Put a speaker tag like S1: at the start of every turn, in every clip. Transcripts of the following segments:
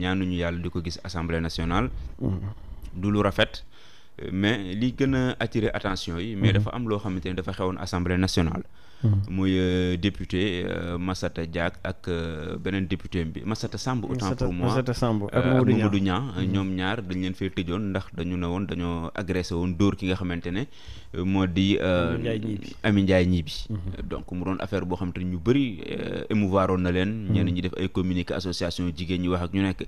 S1: ñu yàlla di ko gis assemblée nationale. Mm. du lu rafet. mais li gën a attirer attention yi. mais mm-hmm. dafa am loo xamante ne dafa xewoon assemblée nationale. Mm-hmm. muy euh, député euh, Massata Diack ak euh, beneen député bi Massata Samb autant pour moi Massata Samb ak Mamadou Niang ñoom mm-hmm. ñaar dañ leen fee tëjoon ndax dañu ne woon dañoo agressé woon dóor ki nga xamante ne moo di Ami Ndiaye ñii bi mm-hmm. donc mu doon affaire boo xam te ñu bëri émouvoir oon na leen ñenn ñi def ay communiqué association jigéen ñi wax ak ñu nekk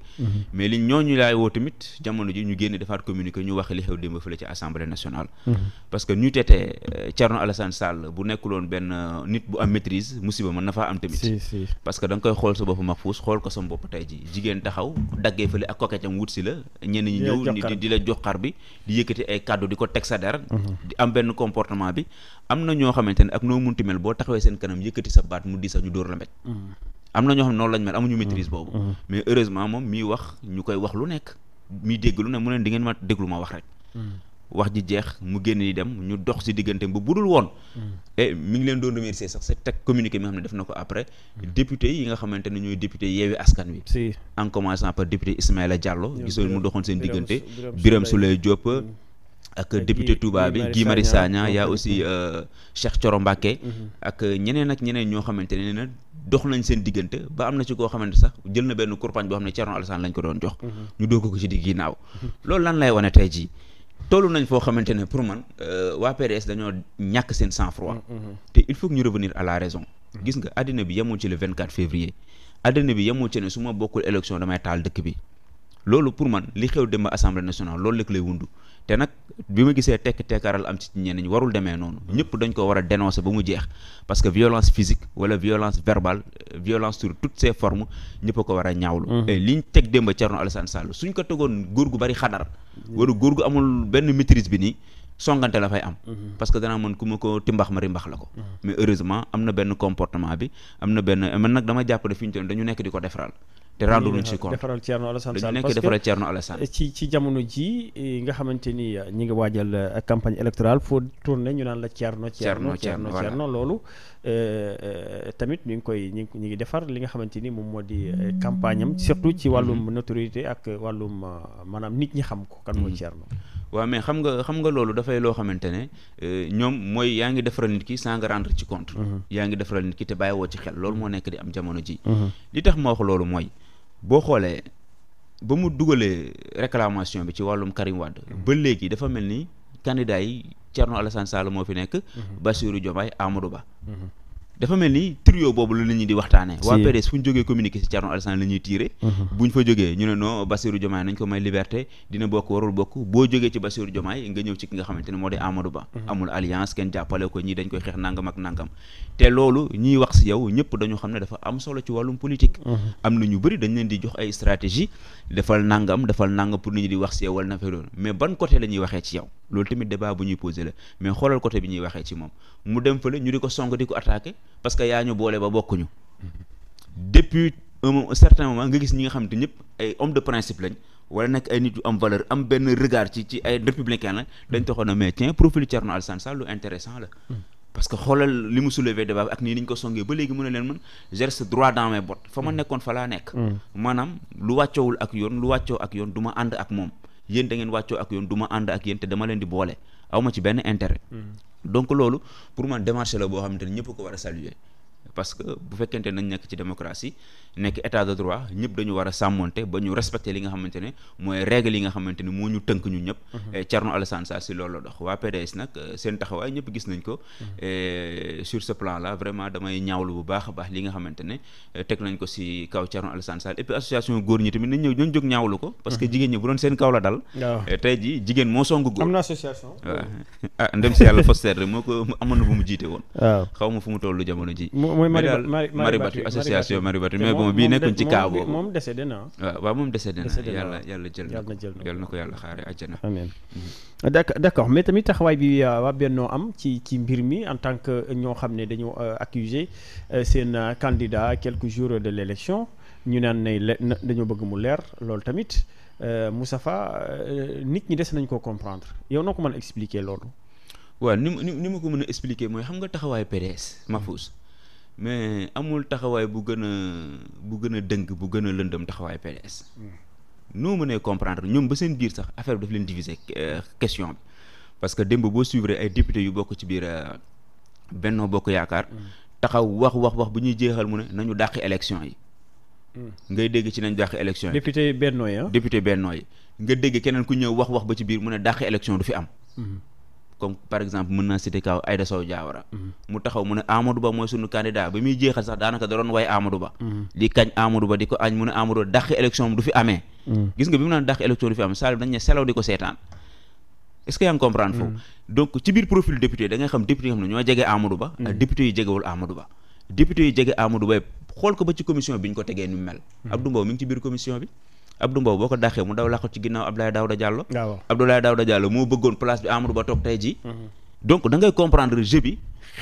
S1: mais li ñooñu laay woo tamit jamono ji ñu génne defaat communiqué ñu wax li xew démb fële ci assemblée nationale parce ñu tetee Thierno Alassane Sall bu nekkuloon benn Euh, nit bu am maîtrise musiba mën na faa am tamit si si que da koy xool sa bopp maxfuus xool ko sa bopp tey ji jigéen taxaw daggee fële ak koketam wut si la ñenn ñi ñëw di la jox xar bi di yëkkati ay kàddu di ko teg sa der mhm. di am benn comportement bi am na ñoo xamante ne ak noo munti mel boo taxawee seen kanam yëkkati sa baat mu di sa ñu dóor la met mhm. am na ñoo xam ne noonu lañ mel amuñu maîtrise mhm. boobu mais heureusement moom miy wax ñu koy wax lu nekk miy dégg lu ne mu leen di ngeen ma déglu ma wax rek wax ji jeex mu génn yi dem ñu dox si diggante ba dul woon. Mm. te mi ngi leen doon remercier sax c'est teg communiqué mi nga xam ne def na ko après. Mm. député yi nga xamante ne ñooy député yeewi askan wi. si en commençant par député Ismaïla Diallo. gisoon mu doxoon seen diggante. Birame Souleye Diop. Mm. ak député Touba bi Guy Marius Sagna y a aussi euh, Cheikh coro Mbacké mm-hmm. ak ñeneen ak ñeneen ñoo xamante ne na dox nañ seen diggante ba am na ci koo xamante sax jël na benn kurpañ boo xam ne Thierno Alassane ko doon jox. Mm-hmm. ñu doog ko ginnaaw. Mm-hmm. loolu lan lay wane tey jii. toll nañ foo xamante ne pour man euh, waa PDS dañoo ñàkk seen sang froid. Mm, mm, mm. te il faut que ñu revenir à la raison. gis nga àddina bi yemul ci le 24 février. àddina bi yemul ci ne su ma bokkul élection damay taal dëkk bi. loolu pour man li xew dem ba assemblée nationale loolu lekk lay wundu te nag bi ma gisee tekki tekkaaral am ci ñenn warul demee noonu ñëpp dañ ko war a dénoncer ba mu jeex parce que violence physique wala violence verbale violence sur toutes ses formes ñëpp a ko war a ñaawlu mm-hmm. et liñ teg démb Thierno Alassane Sall suñ ko tegoon góor gu bari xadar wala góor gu amul benn maîtrise bi nii songante la fay am mm-hmm. parce que danaa mën ku ma ko timbax ma rimbax la ko mm-hmm. mais heureusement am na benn comportement bi am na benn mën nag dama jàpp ne fi ñu toll dañu nekk di ko defaral te rendu luñ si compte defaral Thierno Alassane Sall parce defaral Thierno Alassane
S2: ci ci jamono ji eh, nga xamante ni eh, ñu ngi waajal eh, campagne électorale foo tourné ñu naan la Thierno Thierno Thierno Thierno loolu tamit ñu ngi koy ñu ngi ñu ngi defar li nga xamante ni moom moo di campagne am surtout ci wàllum mm-hmm. notoriété ak wàllum maanaam nit ñi xam ko kan mooy mm-hmm. Thierno
S1: waaw mais xam nga xam nga loolu dafay loo xamante ne ñoom mooy yaa ngi defaral nit ki sans nga rendre ci compte mm-hmm. yaa ngi defaral nit ki te bàyyiwoo ci xel loolu moo nekk di am jamono ji li loolu mooy boo xoolee ba mu dugalee réclamation bi ci wàllum Karim mhm. ba léegi dafa mel ni candidat yi Thierno Alassane Sall moo fi nekk. Mhm. Bassirou Diomaye Amadou Ba. Mhm. dafa mel ni trio boobu la nit ñi di waxtaanee. waa PDS fu ñu jógee communiqué ci Thierno Alassane la tiire. Mhm. bu ñu fa jógee ñu ne non Bassirou Diomaye nañ ko may liberté dina bokk warul bokk boo jógee ci Bassirou Diomaye nga ñëw ci ki nga xamante ne moo di Amadou Ba. Mhm. amul alliance kenn jàppale ko ñii dañ koy xeex nangam ak nangam te loolu ñiy wax si yow ñëpp dañu xam ne dafa am solo ci wàllum politique. Mhm. am na ñu bari dañ leen di jox ay stratégie defal nangam defal nangam pour nit ñi di wax ci yow wala na ban côté la ñuy waxee ci yow loolu tamit débat bu ñuy posé la mais xoolal côté bi ñuy waxee ci moom ñu ko song di ko parce que yaa ñu boole ba bokkuñu depuis un certain moment nga gis ñi nga xam te ñëpp ay homme de principe lañ wala nag ay nit yu am valeur am benn regard ci ci ay républicain la dañ toxoon a mais tiens profil Thierno Alassane Sall lu intéressant la parce que xoolal li mu soulevé débat bi ak nii ni ñu ko songee ba léegi mën na leen mën gerce droit dans mes bottes fa ma nekkoon fa laa nekk maanaam lu wàccoowul ak yoon lu wàccoo ak yoon du ma ànd ak moom yéen da ngeen wàccoo ak yoon du ma ànd ak yéen dama leen di boole aw ma ci benn intérêt donc loolu pour man démarche la boo xamante ne ñëpp ko war a saluer parce que bu fekkente nañ nekk ci démocratie nekk état de droit ñëpp dañu war a sàmmonte ba ñu respecter li nga xamante ne mooy règle yi nga xamante ne moo ñu tënk ñun ñëpp mhm. eh, Thierno Alassane Sall si loolu dox waa PDS nag eh, seen taxawaay ñëpp gis nañ ko mhm. eh, sur ce plan là vraiment damay ñaawlu bu baax a baax li nga xamante ne teg nañ ko si kaw Thierno Alassane Sall et association góor ñi tamit nañ ñëw nañ jóg ñaawlu ko parce que mhm. jigéen ñi bu doon seen mooy Maribatu association Maribatu mais bon bii nekkoon ci kaa boobu moom décédé na waaw waaw moom décédé na yàlla yàlla jël na yàlla na ko yàlla xaare àjjana amiin mm-hmm.
S2: euh, d'accord d'accord mais tamit taxawaay bi euh, waa Bennoo am ci ci mbir mi en tant que ñoo xam ne dañoo euh, accusé seen candidat quelque jours de l'élection ñu naan ne dañoo bëgg mu leer loolu tamit Moustapha nit ñi des nañ ko comprendre yow noo ko mën a
S1: loolu waa ni ni ni ma ko mën a expliquer mooy xam taxawaay PDS Mahfouz mais amul taxawaay bu gën a bu gën a dënk bu gën a lëndëm taxawaay PDS. Hmm. noo mënee comprendre ñoom ba seen biir sax affaire bi daf leen diviser euh, question bi parce que démb boo suivre ay député yu bokk ci biir euh, Benno Bokk Yaakaar. Hmm. taxaw wax wax wax bu ñuy jeexal mu ne nañu dàqi élection yi. Hmm. ngay dégg ci nañ dàqi élection yi. député Benno yi ah? député Benno yi. nga dégg keneen ku ñëw wax wax ba ci biir mu ne dàqi élection du fi am. comme par exemple mën naa citer kaw Aïda Sow Diawara mhm. mu taxaw mu ne Amadou Ba mooy sunu candidat ba muy jeexal sax daanaka da doon way Amadou Ba mhm. di kañ Amadou Ba di ko añ mu ne amee mhm. gis nga bi naan dàq élection du fi amee ne selaw di ko seetaan est-ce que yaa ngi comprendre foofu donc ci biir profil député da xam député yi xam ne ñoo jege Amadou Ba ak député yi jegewul Amadou Ba député yi jege Amadou Ba xool ko ba ci commission bi ñu ko tegee ni mu mel Abdou Mbow mi ci biir commission bi Abdou Mbow boo ko dàqee mu daw làqu ci ginnaaw Abdoulaye Daouda Diallo. waaw Abdoulaye moo bëggoon place bi Amadou Ba toog tey jii. Mhm. donc da comprendre jeu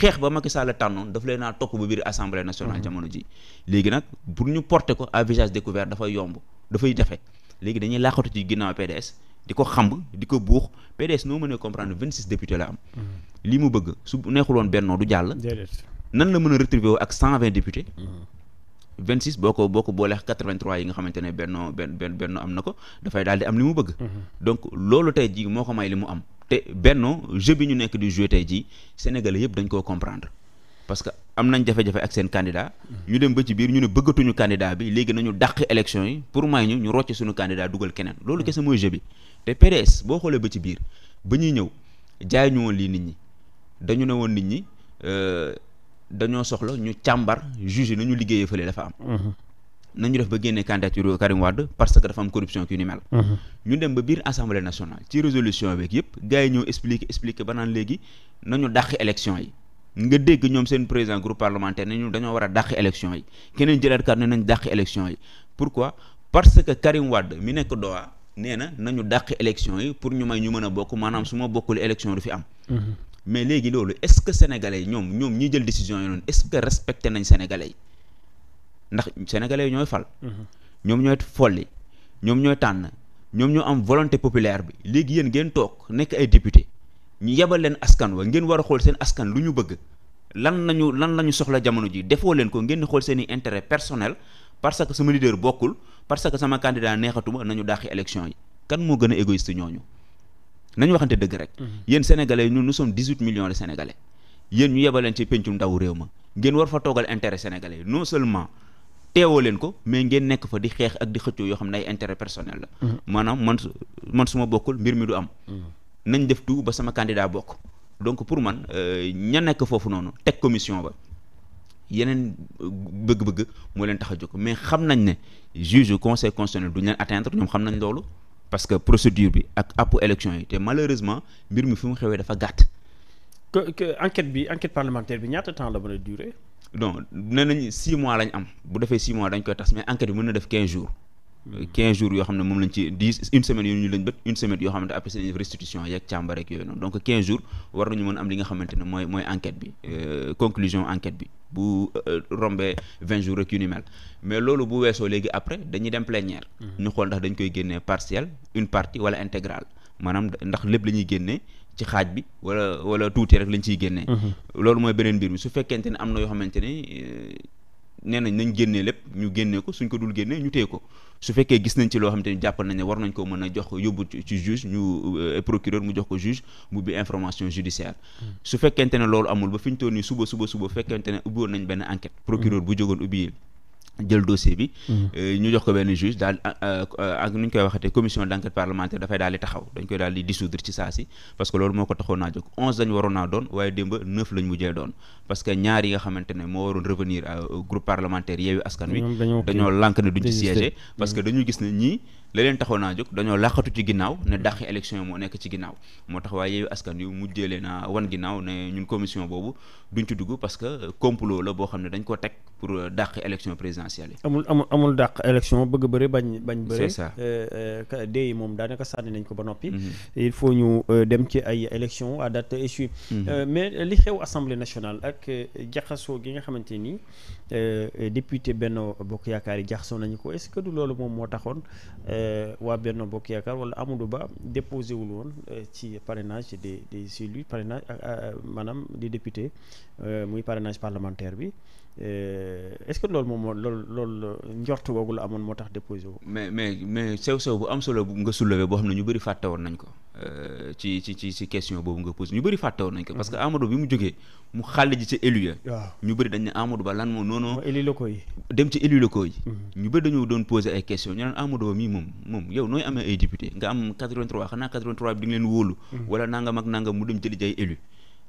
S1: xeex ba Macky Sall tànnoon daf leen naa topp ba biir assemblée nationale mhm. jamono ji léegi nag pour ñu porter ko à visage découvert dafay yomb dafay jafe léegi dañuy làqatu ci ginnaaw PDS di ko xamb di ko buux PDS noo mënee comprendre 26 députés la am. Mhm. li mu bëgg su neexuloon bennoo du jàll. nan la mën a retrouver 26 boo ko boo ko boolee 83 yi nga xamante ne benno benn benn benno am na ko dafay daal di am li mu bëgg. Mhm. donc loolu tey jii moo ko may li mu am. te benno jeu bi ñu nekk di jouer tey jii sénégalais yëpp dañ koo comprendre parce que am nañ jafe-jafe ak seen candidat. Mhm. ñu dem ba ci biir ñu ne bëggatuñu candidat bi léegi nañu dàq élection yi pour may ñu ñu rocc suñu candidat dugal keneen. loolu mhm. kese mooy jeu bi te PDS boo xoolee ba ci biir ba ñuy ñëw jaay ñu woon nit ñi dañu ne woon nit ñi. Euh, dañoo soxla ñu càmbar juge nañu liggéeyee fële dafa am mhm. nañu def ba génnee candidature Karim Wade parce que dafa am corruption ki ni mel mhm. ñu dem ba biir assemblée nationale ci résolution beeg yëpp gars yi ñëw expliqué expliqué ba naan léegi nañu dàq élection yi nga dégg ñoom seen président groupe parlementaire ne ñu dañoo war a dàq élection yi keneen jëlaat kat ne nañ dàq élection yi pourquoi parce que Karim Wade mi nekk doa nee na nañu dàq élection yi pour ñu may ñu mën a bokk maanaam su ma bokkul élection du fi am mhm. mais léegi loolu est-ce que sénégalais yi ñoom ñoom ñuy jël décision yi noonu est-ce que respecté nañ sénégalais yi ndax sénégalais yi ñooy fal. Mhm. ñoom ñooy folli ñoom ñooy tànn ñoom ñoo am volonté populaire bi léegi yéen ngeen toog nekk ay député ñu yebal leen askan wa ngeen war a xool seen askan lu ñu bëgg lan lañu lan la ñu soxla jamono ji defoo leen ko ngeen di xool seen i intérêt personnel parce que sama leader bokkul parce que sama candidat neexatuma nañu dàqi yi kan moo gën a égoïste ñooñu. nañu waxante dëgg rek. Mhm. yéen sénégalais ñun nous sommes dix huit millions de sénégalais yéen ñu yebaleen ci pencum ndaw réew ma ngeen war fa toogal intérêt sénégalais non seulement. teewoo leen ko mais ngeen nekk fa di xeex ak di xëccoo yoo xam ne ay intérêt la mhm. maanaam man man su bokkul mbir mi du am mhm. nañ def tout ba sama candidat bokk donc pour man euh, ña nekk foofu noonu teg commission ba yeneen bëgg-bëgg moo leen tax a jóg mais xam nañ ne juge conseil constitutionnel duñ leen atteindre ñoom xam nañ loolu parce que procédure bi ak àpp élection yi te malheureusement mbir mi fi mu xewee dafa gàtt.
S2: que que enquête bi enquête parlementaire bi ñaata temps la mën a durer.
S1: non nee nañ 6 mois lañ am bu defee 6 mois dañ koy tas mais enquête bi mën na def 15 jours. 15 jours yoo xam ne moom lañ ci une semaine yooyu ñu lañ bët une semaine yoo xamante après seen restitution yeeg càmbar ak yooyu noonu donc 15 jours war nañu mën am li nga xamante ne mooy mooy enquête bi euh, conclusion enquête bi. bu euh, rombee vingt jour ak yu mais loolu bu weesoo léegi après dañuy dem plénière. Mm-hmm. ñu xool ndax dañ koy génnee partielle une partie wala intégrale maanaam ndax lépp la ñuy génnee ci xaaj bi wala wala tuuti rek lañ ciy génnee. Mm-hmm. loolu mooy beneen mbir mi su fekkente ne am na yoo xamante ni euh, nee nañ nañ génnee lépp ñu génnee ko suñ ko dul génnee ñu téye ko. su fekkee gis nañ ci loo xamante ni jàppal nañ ne war nañ ko mën a jox yóbbu ci juge ñu euh, procureur mu jox ko juge mu bi information judiciaire hmm. su fekkente ne loolu amul ba fi ñu toll nii suba suba suba fekkente ne ubbi nañ benn enquête procureur bu jógoon ubbi jël dossier bi. Mhm. Euh, ñu jox ko benn juge daal ak nu ñu koy waxatee commission d' parlementaire dafay daal taxaw dañ koy daal di ci saa si parce que loolu moo ko taxoon naa jóg onze lañ lànk ne duñ ci siéger mhm. parce que dañu gis ne ñii. la leen taxoon naa jóg dañoo làqatu ci ginnaaw ne dàqi élection yi moo nekk ci ginnaaw moo tax waaye Yewwi Askan Wi mujjee leen a wan ne ñun commission boobu duñ ci dugg parce que complot la boo xam ne présidentielle yi.
S2: amul amul amul dàq élection bëgg bëri bañ bañ. bëri c'est euh, euh, dee yi moom daanaka sànni nañ ko ba noppi. Mhm. il faut ñu euh, dem ci ay élection à date échue. Mhm. mais li xew assemblée nationale ak jaxasoo gi nga xamante ni député benn Bokk Yaakaar yi jaxasoo nañu ko est-ce que du loolu moom moo taxoon waa benn Bokk Yaakaar wala Amadou Ba déposé wul woon ci parrainage des des élus parrainage maanaam des députés muy parrainage parlementaire bi est-ce que loolu moom loolu. loolu loolu la njort googu la amoon moo tax déposé wu.
S1: nga soulevé boo xam ne ñu bëri fàtte woon nañ ko euh, ci ci ci question boobu nga posé ñu bëri fàtte woon nañ ko. parce que mhm. Amadou bi mu jógee mu xàll ji ci ya. ñu bëri dañ mhm. doon posé ay questions ñu naan Amadou Ba mii moom moom yow nooy amee ay député nga am 83 xanaa 83 bi di leen wóolu. Mhm. wala nangam ak nangam mu dem jëli ji ay élu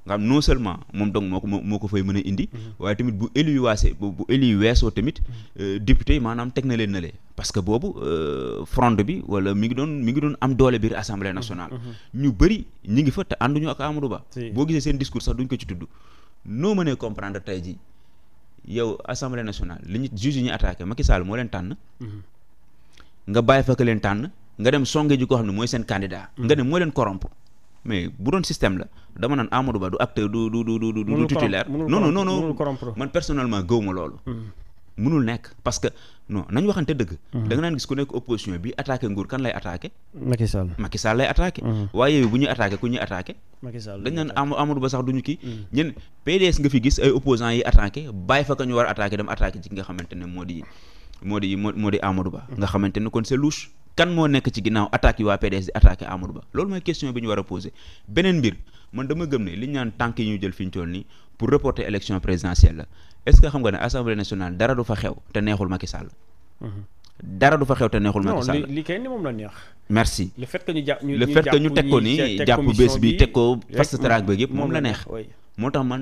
S1: nga xam non seulement moom donc moo ko moo ko fay mën a indi. waaye tamit bu élu yu bu bu weesoo tamit. Euh, député maanaam teg na leen na lee parce que boobu euh, fronde bi wala mi ngi doon mi ngi doon am doole biir assemblée nationale. Mm-hmm. Mm-hmm. ñu bëri ñi ngi fa te ànduñu ak Amadou Ba. boo gisee seen discours sax duñ ko ci tudd. noo mënee comprendre tey jii yow assemblée nationale li ñu juge ñu attaqué Macky Sall moo leen tànn. Mm-hmm. nga bàyyi fa ka leen tànn nga dem songe ji koo mais bu doon système la dama naan Amadou du acteur du du du du du titulaire man personnellement gëw ma loolu hmm. mënul nekk parce que non waxante dëgg hmm. da naan gis ku nekk opposition bi attaqué nga fi gis bàyyi fa ka war a attaqué dem attaqué ci nga xamante moo di moo di moo di Amadou hmm. nga xamante kon c'est kan moo nekk ci ginnaaw attaque yi waa PDS di attaqué Amadou Ba loolu mooy question bi ñu war a posé beneen mbir man dama gëm ne li ñu tànk yi ñu jël fi ñu toll pour reporter élection présidentielle la est-ce que xam nga ne assemblée nationale dara du fa xew te neexul Macky Sall. Mhm. dara du fa xew te neexul Macky Sall. non
S2: li kay ni moom la neex.
S1: merci le fait que ñu jàpp ñu jàpp bés bi teg ko fast track ba yëpp moom la neex. moo tax man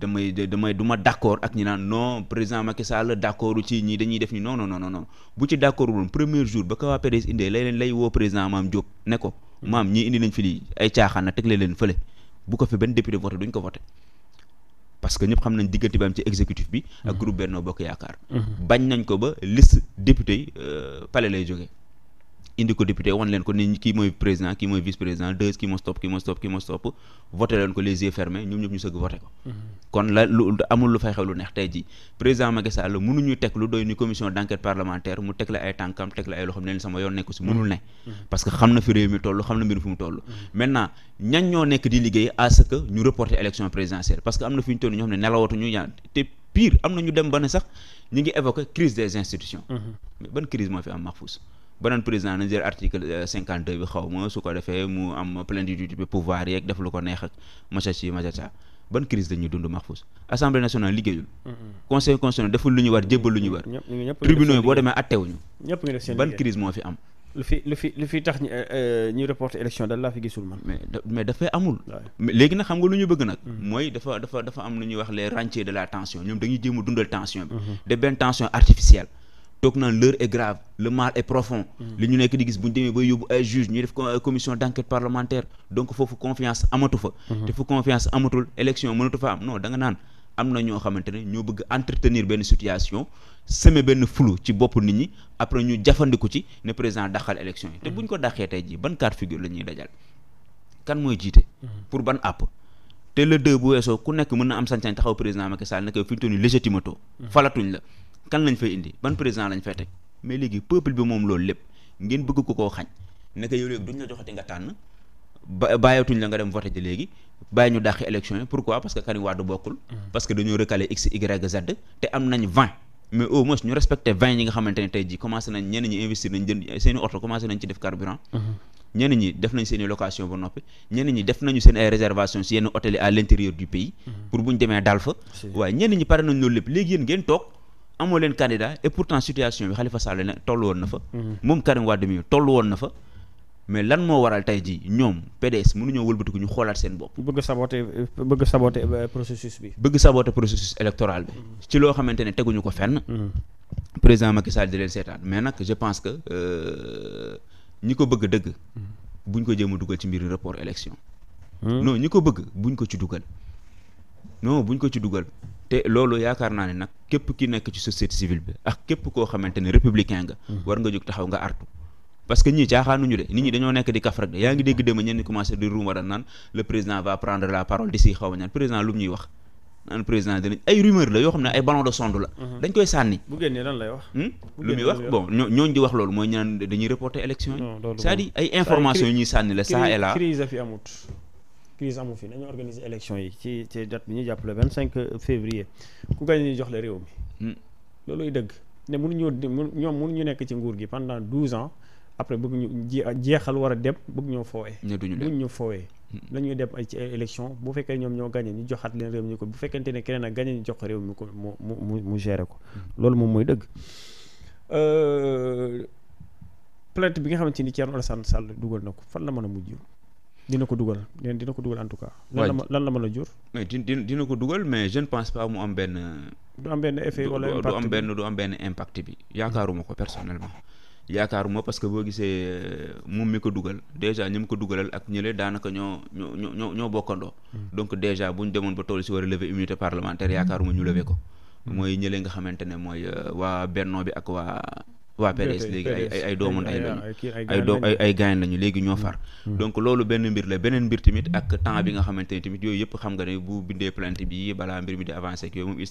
S1: damay damay du ma d'accord ak ñi naan non président Macky Sall d'accord ci ñi dañuy def ni non non non non bu ci d'accord woon premier jour ba ko waa PDS indee lay leen lay woo président maam Diop ne ko mm. maam ñii indi nañ fi lii ay caaxaana teg tegle leen fële bu ko fi benn député voté duñ ko voté parce que ñëpp xam nañ diggante bi am ci exécutif bi. ak mm. groupe Benno Bokk Yaakaar. Mm-hmm. bañ nañ ko ba liste député yi euh, palais lay jóge indi ko député wan leen ko ni kii mooy président kii mooy vice président deux kii moo stop kii moo stop kii leen ko les yeux fermés ñoom ñëpp ñu sëgg voté ko mm-hmm. kon la lu lu fay xew lu neex tey ji président Macky Sall mënuñu teg lu doy ni commission d' parlementaire mu teg la ay tànkam teg la ay loxoom leen sama yoon nekku si mënul ne mm-hmm. parce que xam na fi réew mi toll xam na mbir fu mu toll mm-hmm. maintenant ñan ñoo nekk di liggéey à ñu reporter beneen président na jël article euh, cinquante deux bi xaw ma su ko defee mu am plénitude bi pouvoir yeeg def lu ko neex ak macha ci macha ca ban crise dañuy dund Mahfouz assemblée nationale liggéeyul. conseil constitutionnel deful lu ñu war jébbal lu ñu war. tribunaux yi boo demee attewuñu ban crise moo fi am. lu fi lu fi lu tax euh, euh, ñu reporter élection dal laa fi gisul man. mais mais dafay amul. léegi na xam nga lu ñu bëgg nag. Mm-hmm. mooy dafa dafa dafa am lu ñuy wax les rentiers d la tension ñoom dañuy jéem a dundal tension bi. Mm-hmm. de toog naan l'heure est grave le mal est profond mm. li ñu nekk di gis bu ñu demee ba yóbbu ay juge ñu def euh, commission d'enquête parlementaire donc foofu confiance amatu fa mm-hmm. te fu confiance amatul élection mënatu fa am non da nga naan am na ñoo xamante ne ñoo bëgg entretenir benn situation semer benn flou ci bopp nit ñi après ñu jafandiku ci ne président daxal élection yi te mm-hmm. buñ ko daxee tey jii ban cas figure la dajal kan mooy jiite mm-hmm. pour ban àpp te le deux ku nekk mën na am sañ-sañ kan lañ fay indi ban président lañ fay teg mais léegi peuple bi moom loolu lépp ngeen bëgg ko koo xañ naka yow léegi duñ la joxati nga tànn ba bàyyatuñ la nga dem voté ji léegi bàyyi ñu dàqi élection yi pourquoi parce que Karim Wade bokkul. Mm. parce que dañoo recalé x y z te am nañ vingt. mais au moins ñu respecté vingt ñi nga xamante ne tey jii commencé nañ ñenn ñi investir nañ jënd seen oto commencé nañ ci def carburant. Mm-hmm. ñenn ñi def nañ amoo leen candidat et pourtant situation bi Khalifa Sall ne tollu woon na fa. Mhm. moom Karim Wade mi tollu woon na fa. mais lan moo waral tey jii ñoom PDS mënuñoo wëlbatiku ñu xoolaat seen bopp.
S2: bëgg saboter bëgg saboter euh, processus bi.
S1: bëgg saboter processus électoral bi. Mhm. ci loo xamante ne teguñu ko fenn. Mhm. président Macky Sall di leen seetaan mais nag je pense que euh, ñi ko bëgg dëgg. buñ ko jéem a dugal ci mbir rapport élection. Hmm? non ñi ko bëgg buñ ko ci dugal. non buñ ko ci dugal te loolu yaakaar naa ne nag képp ki nekk ci société civile bi ak képp koo xamante ne républicain nga mhm. war nga jóg taxaw nga artu parce que ñii caaxaanuñu de nit ñi dañoo nekk di kaf rek yaa ngi dégg dem ñenn ñi commencé di ruuma naan le président va prendre la parole d'ici xaw ma ñaan président lu mu wax naan président dinañ mhm. koy sànni
S2: hmm? lu muy wax bon
S1: ñooñ di wax loolu mooy ñaan dañuy reporter élection yi cest à ay information yi ñuy sànni
S2: crise amu fii nañu organiser élection yi ci ci date bi ñu jàpp le vingt cinq février ku gagné ñu jox la réew mi hmm. looluy dëgg ne mënuñu ñoom mënuñu nekk ci nguur gi pendant douze ans après bëgg ñu jeexal war a dem bëgg ñoo foowee bëgg ñu foowee lañuy hmm. dem ay ci élection bu fekkee ñoom ñoo gagné ñu joxaat leen réew mi ko bu fekkente ne keneen ak gagné ñu jox réew mi ko mu mu mu mu geere ko hmm. loolu moom mooy dëgg euh, plainte bi nga xamante ni Thierno Alassane Sall dugal na ko fan la mën a mujj dina ko dugal neen dina ko dugal en tout cas.
S1: lan la ma lan la mën a jur. mais dina ko dugal mais jeune ne pense pas mu am benn. du am benn effet wala impact du benn du benn impact bi yaakaaruma ko personnellement. yaakaaruma parce que boo gisee euh, moom mi ko dugal déjà ñi mu ko dugalal ak ñële daanaka ñoo ñoo ñoo ñoo bokkandoo. Hmm. donc déjà bu ñu demoon ba tool si war a lever immunité parlementaire yaakaaruma ñu lever ko. Hmm. mooy ñële nga xamante ne mooy euh, waa Benno bi ak waa. waa PDS léegi ay ay doomu nday ay doo ay ay gaañ lañu léegi ñoo far hmm. donc loolu benn mbir la beneen mbir tamit ak temps bi nga xamante ne tamit yooyu yëpp xam nga ni bu bindee plainte bi balaa mbir mi di avancé ak yooyu moom il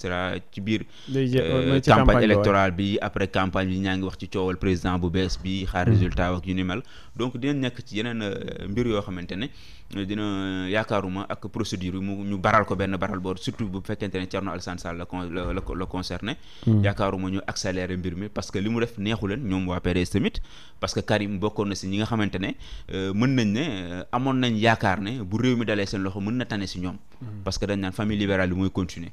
S1: ci biir euh, campagne électorale bi après campagne bi ñaa ngi wax ci coowal président bu bees bi xaar hmm. résultat ak yu ni mel donc dinañ nekk ci yeneen euh, mbir yoo xamante ne dina euh, yaakaaruma ak procédure yi mu ñu baral ko benn baral boor surtout bu fekkente ne Thierno Alassane Sall la con la la concerné. Hmm. yaakaaruma ñu accélérer mbir mi parce que li mu def neexu leen ñoom waa PDS tamit parce que Karim bokkoon na si ñi nga xamante ne euh, mën nañ ne euh, amoon nañ yaakaar ne bu réew mi dalee seen loxo mën na tane si ñoom. Hmm. parce que dañ naan famille libérale bi mooy continuer.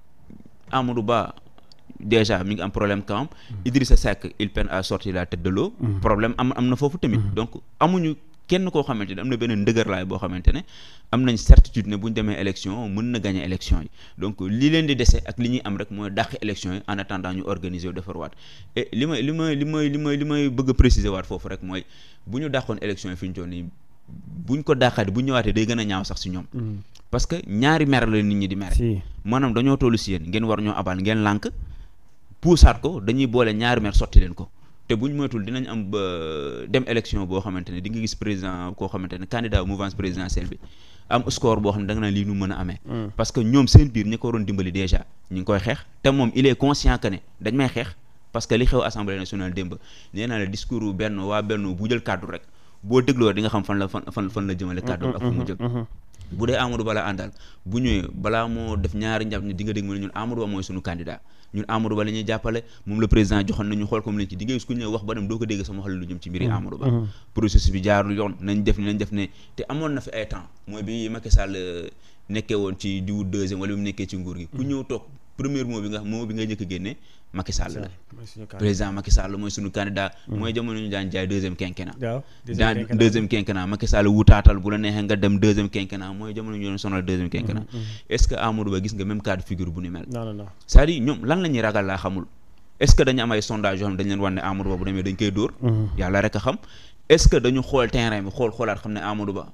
S1: Amadou Ba déjà mi ngi am problème quand même mm-hmm. Idrissa Seck il peine à sortir la tête de l'eau mm-hmm. problème am am na foofu tamit mm-hmm. donc amuñu kenn koo xamante ne am na benn ndëgërlaay boo xamante ne am nañ certitude ne bu ñu demee élection mën na gagner élection yi donc li leen di dese ak li ñuy am rek mooy dàq élection yi en attendant ñu organiser wu defarwaat et li may li ma li ma li may li may bëgg a préciser waat foofu rek mooy bu ñu dàqoon élection yi fi ñu toll nii buñ ko dàqaati bu ñëwaatee day gën a ñaaw sax si ñoom. Mm. parce que ñaari mer la nit ñi di mere. si maanaam dañoo tollu si yéen ngeen war ñoo abal ngeen lànk puusaat ko dañuy boole ñaari mer sotti leen ko. te buñ moytul dinañ am ba dem élection boo xamante ne di nga gis président koo xamante ne candidat mouvance présidentielle bi am score boo xam ne da nga naan lii mën a amee. Mm. parce que ñoom seen biir dimbali déjà ñu ngi koy xeex te moom il est conscient que ne dañ may xeex parce que li xew assemblée nationale démb nee naa la discours benn waa benn bu jël kàddu rek. boo dégloo di nga xam fan la fan fan fan la jëmale mm-hmm, kàddoom ak fu mu jëm mm-hmm, mm-hmm. bu dee Amadou Ba la àndal bu ñëwee balaa moo def ñaari njàpp ñu di nga dégg mu ne ñun Amadou Ba mooy suñu candidat ñun Amadou Ba la moom le président joxoon nañu xool comme lañ ci di nga gis ku ñëw wax yoon nañ def ne nañ def ne te amoon na fi ay temps mooy bi Macky Sall euh, nekkee woon ci diwu deuxième wala bi mu nekkee ci nguur gi ku ñëw toog premier mot bi nga moo bi nga njëkk a génne Macky Sall
S3: la président
S1: Macky Sall mooy suñu candidat hmm. mooy jamono ñu daan jaay deuxième quinquennat daan deuxième quinquennat Macky Sall wutaatal bu la neexee nga dem deuxième quinquennat mooy jamono ñu doon sonal deuxième hmm, hmm, quinquennat est-ce que Amadou Ba gis nga même cas de figure bu ni mel cest à ñoom lan la ragal laa xamul est dañu am sondage xam ne leen wan ne Amadou Ba bu demee dañ koy dóor yàlla rek a xam est dañu xool terrain bi xool xoolaat xam ne Amadou Ba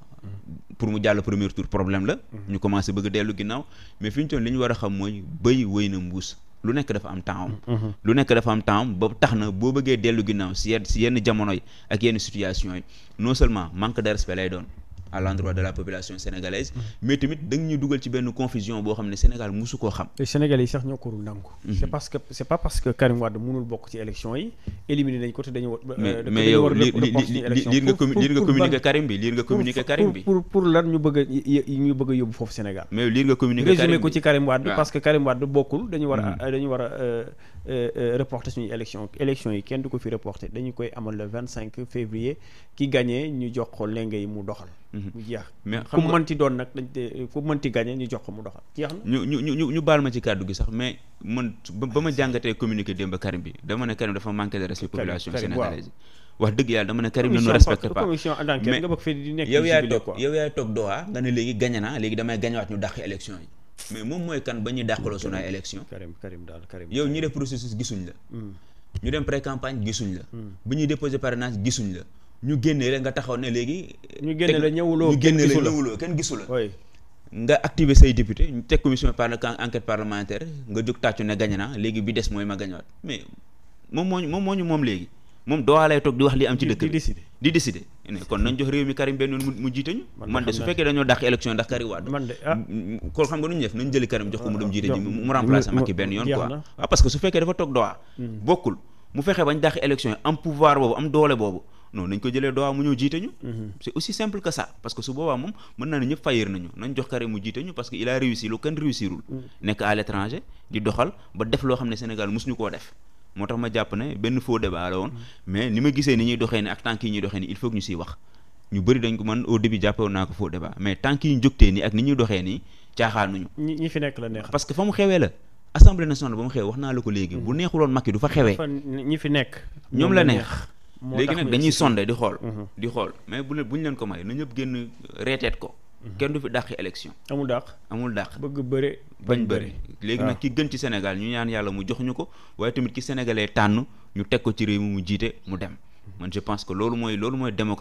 S1: pour mu jàll premier tour commencé bëgg dellu ginnaaw mais fi ñu a xam mooy béy wëy na lu nekk dafa am temps mm-hmm. lu nekk dafa am temps am ba tax na boo bëggee dellu ginnaaw si yenn si yenn jamono yi ak yenn situation yi non seulement manque de respect lay doon à l'endroit de la population sénégalaise. Mm-hmm. mais tamit da ñu dugal ci benn confusion boo xam ne Sénégal musu koo xam.
S2: te Sénégalais yi sax ñoo ko dul nangu. Mm-hmm. c'est parce que c'est pas parce que Karim Wade mënul bokk ci élection yi euh, mais mais yow li liir bi liir bëgg a ñu foofu Sénégal.
S1: résumé ko ci Karim parce
S2: que Karim bokkul dañu war a mm-hmm. dañu war a euh, euh, suñu élection élection yi kenn du ko fi reporter dañu koy amal le 25 février ki gagné ñu jox ko yi mu doxal Mhm. mu jeex mais xam nga ku mënti doon nag dañ te ku mënti
S1: gagné ñu jox mu doxal jeex na ñu ñu ñu ñu baal ma ci kàddu gi sax mais man ba ma jàngatee communiqué démb Karim bi dama Karim dafa manqué respecte pas naa léegi damay yow ñi def processus gisuñ la hmm. ñu dem pré campagne gisuñ la hmm. bu ñuy déposé parrainage gisuñ la ñu génnee rek nga taxaw ne léegi. ñu génne la ñëwuloo ñu génne la ñëwuloo kenn gisu la nga activé say député ñu teg commission par enquête parlementaire nga jóg tàccu ne gañe naa léegi bi des mooy ma gañewaat mais moom moo ñu moom moo ñu moom léegi moom doo lay toog di wax li am ci dëkk bi di décider kon nañ jox réew mi Karim benn yoon mu jiite man de su fekkee dañoo dàq élection ndax Karim Wade ah. kon xam nga nu ñu def nañ jëli Karim jox ko mu dem jiite ji mu remplacer Macky benn yoon quoi waaw ah, parce que su fekkee dafa toog doo hmm. bokkul am pouvoir boobu am doole boobu noonu nañ ko jëlee doowaa mu ñëw jiite ñu mhm. c'est aussi simple que ça parce que su boobaa moom mën naa ne ñëpp fayir nañu nañ jox Karim mu jiite ñu parce mhm. def moo tax ma jàpp ne benn faux débat la woon mhm. mais gisee ni ñuy doxee ni ak tànk yi ñuy doxee il faut ñu siy wax ñu bëri dañ ko man o début jàppewoon naa ko faux débat mais tànk yi ñu nii ak ni ñuy doxee nii caaxaanuñu fi nekk la neex parce que fa mu xewee la assemblée nationale ba mu xewee wax naa la ko léegi bu neexuloon Macky du fa xewee
S2: ñi fi nekk ñoom la neex léegi nag dañuy sonde di xool mhm.
S1: di xool mais bu leen bu ñu leen ko may na ñëpp génn reeteet ko mhm. kenn du fi dàqi élection amul dàq amul dàq bëgg bëre bañ bëre léegi nag ah. ki gën ci Sénégal ñu ñaan yàlla mu jox ñu ko waaye tamit ki sénégalais tànn ñu teg ko ci réew mi mu jiite mu dem mhm. man je pense que loolu mooy loolu mooy démocratie